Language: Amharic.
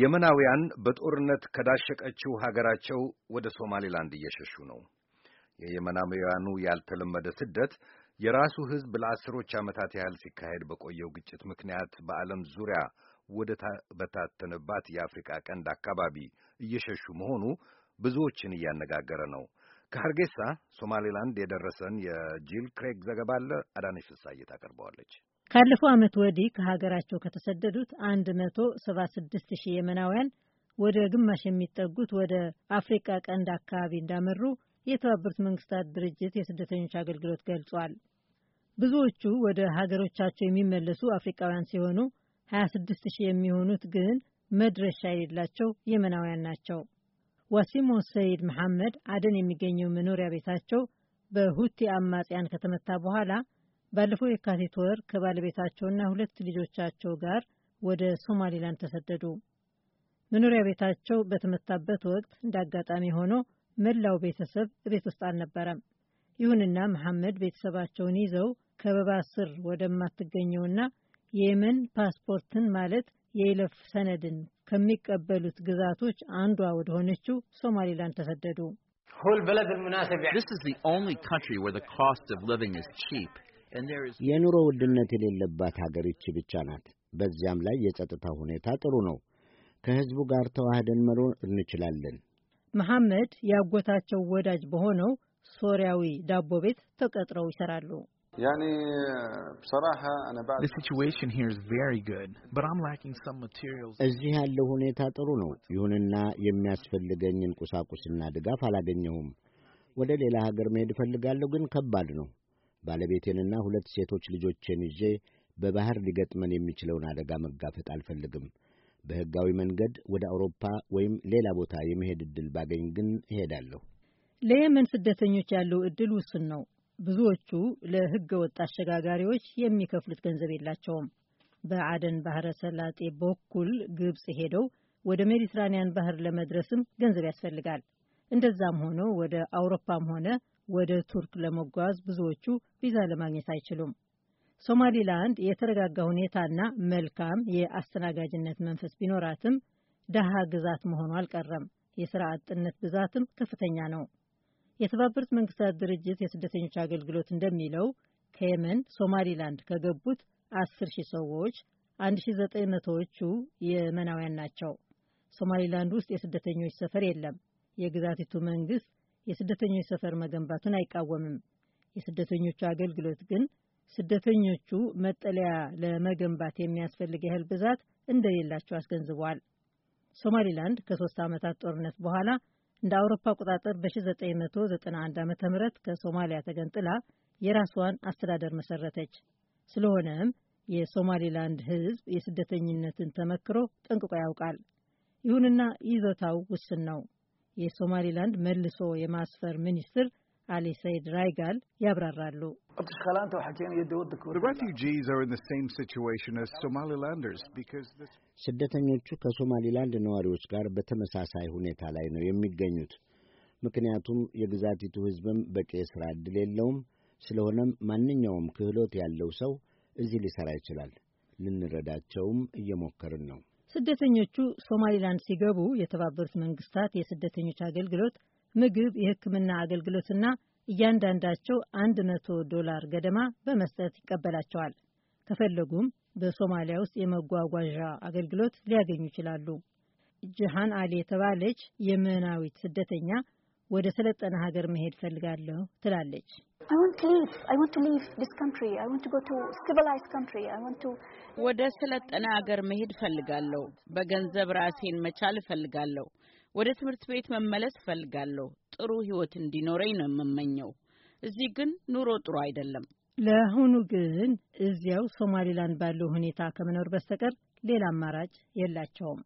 የመናውያን በጦርነት ከዳሸቀችው ሀገራቸው ወደ ሶማሌላንድ እየሸሹ ነው። የየመናውያኑ ያልተለመደ ስደት የራሱ ሕዝብ ለአስሮች ዓመታት ያህል ሲካሄድ በቆየው ግጭት ምክንያት በዓለም ዙሪያ ወደ በታተነባት የአፍሪካ ቀንድ አካባቢ እየሸሹ መሆኑ ብዙዎችን እያነጋገረ ነው። ከሀርጌሳ ሶማሌላንድ የደረሰን የጂል ክሬግ ዘገባ አለ። አዳነች ፍሳዬ ታቀርበዋለች። ካለፈው ዓመት ወዲህ ከሀገራቸው ከተሰደዱት 176 ሺህ የመናውያን ወደ ግማሽ የሚጠጉት ወደ አፍሪካ ቀንድ አካባቢ እንዳመሩ የተባበሩት መንግስታት ድርጅት የስደተኞች አገልግሎት ገልጿል። ብዙዎቹ ወደ ሀገሮቻቸው የሚመለሱ አፍሪካውያን ሲሆኑ 26 ሺህ የሚሆኑት ግን መድረሻ የሌላቸው የመናውያን ናቸው። ዋሲሞ ሰይድ መሐመድ አደን የሚገኘው መኖሪያ ቤታቸው በሁቲ አማጽያን ከተመታ በኋላ ባለፈው የካቲት ወር ከባለቤታቸውና ሁለት ልጆቻቸው ጋር ወደ ሶማሌላንድ ተሰደዱ። መኖሪያ ቤታቸው በተመታበት ወቅት እንደ አጋጣሚ ሆኖ መላው ቤተሰብ ቤት ውስጥ አልነበረም። ይሁንና መሐመድ ቤተሰባቸውን ይዘው ከበባ ስር ወደማትገኘውና የየመን ፓስፖርትን ማለት የይለፍ ሰነድን ከሚቀበሉት ግዛቶች አንዷ ወደሆነችው ሆነችው ሶማሌላንድ ተሰደዱ። This is the only country where the cost of living is cheap የኑሮ ውድነት የሌለባት ሀገር ይቺ ብቻ ናት። በዚያም ላይ የጸጥታ ሁኔታ ጥሩ ነው። ከህዝቡ ጋር ተዋህደን መኖር እንችላለን። መሐመድ ያጎታቸው ወዳጅ በሆነው ሶሪያዊ ዳቦ ቤት ተቀጥረው ይሰራሉ። እዚህ ያለው ሁኔታ ጥሩ ነው። ይሁንና የሚያስፈልገኝን ቁሳቁስና ድጋፍ አላገኘሁም። ወደ ሌላ ሀገር መሄድ እፈልጋለሁ፣ ግን ከባድ ነው። ባለቤቴንና ሁለት ሴቶች ልጆቼን ይዤ በባህር ሊገጥመን የሚችለውን አደጋ መጋፈጥ አልፈልግም። በሕጋዊ መንገድ ወደ አውሮፓ ወይም ሌላ ቦታ የመሄድ ዕድል ባገኝ ግን እሄዳለሁ። ለየመን ስደተኞች ያለው ዕድል ውስን ነው። ብዙዎቹ ለሕገ ወጥ አሸጋጋሪዎች የሚከፍሉት ገንዘብ የላቸውም። በአደን ባህረ ሰላጤ በኩል ግብፅ ሄደው ወደ ሜዲትራንያን ባህር ለመድረስም ገንዘብ ያስፈልጋል። እንደዛም ሆኖ ወደ አውሮፓም ሆነ ወደ ቱርክ ለመጓዝ ብዙዎቹ ቪዛ ለማግኘት አይችሉም። ሶማሊላንድ የተረጋጋ ሁኔታና መልካም የአስተናጋጅነት መንፈስ ቢኖራትም ደሃ ግዛት መሆኑ አልቀረም። የሥራ አጥነት ብዛትም ከፍተኛ ነው። የተባበሩት መንግስታት ድርጅት የስደተኞች አገልግሎት እንደሚለው ከየመን ሶማሊላንድ ከገቡት 10 ሺህ ሰዎች 1900ዎቹ የመናውያን ናቸው። ሶማሊላንድ ውስጥ የስደተኞች ሰፈር የለም። የግዛቲቱ መንግስት የስደተኞች ሰፈር መገንባቱን አይቃወምም። የስደተኞቹ አገልግሎት ግን ስደተኞቹ መጠለያ ለመገንባት የሚያስፈልግ ያህል ብዛት እንደሌላቸው አስገንዝቧል። ሶማሊላንድ ከሶስት ዓመታት ጦርነት በኋላ እንደ አውሮፓ አቆጣጠር በ1991 ዓ ም ከሶማሊያ ተገንጥላ የራስዋን አስተዳደር መሰረተች። ስለሆነም የሶማሊላንድ ሕዝብ የስደተኝነትን ተመክሮ ጠንቅቆ ያውቃል። ይሁንና ይዞታው ውስን ነው። የሶማሊላንድ መልሶ የማስፈር ሚኒስትር አሊ ሰይድ ራይጋል ያብራራሉ። ስደተኞቹ ከሶማሊላንድ ነዋሪዎች ጋር በተመሳሳይ ሁኔታ ላይ ነው የሚገኙት። ምክንያቱም የግዛቲቱ ሕዝብም በቂ የሥራ ዕድል የለውም። ስለሆነም ማንኛውም ክህሎት ያለው ሰው እዚህ ሊሠራ ይችላል። ልንረዳቸውም እየሞከርን ነው። ስደተኞቹ ሶማሊላንድ ሲገቡ የተባበሩት መንግስታት የስደተኞች አገልግሎት ምግብ፣ የሕክምና አገልግሎትና እያንዳንዳቸው 100 ዶላር ገደማ በመስጠት ይቀበላቸዋል። ከፈለጉም በሶማሊያ ውስጥ የመጓጓዣ አገልግሎት ሊያገኙ ይችላሉ። ጅሃን አሊ የተባለች የመናዊት ስደተኛ ወደ ሰለጠነ ሀገር መሄድ ፈልጋለሁ ትላለች። ወደ ሰለጠነ ሀገር መሄድ ፈልጋለሁ። በገንዘብ ራሴን መቻል እፈልጋለሁ። ወደ ትምህርት ቤት መመለስ እፈልጋለሁ። ጥሩ ህይወት እንዲኖረኝ ነው የምመኘው። እዚህ ግን ኑሮ ጥሩ አይደለም። ለአሁኑ ግን እዚያው ሶማሊላንድ ባለው ሁኔታ ከመኖር በስተቀር ሌላ አማራጭ የላቸውም።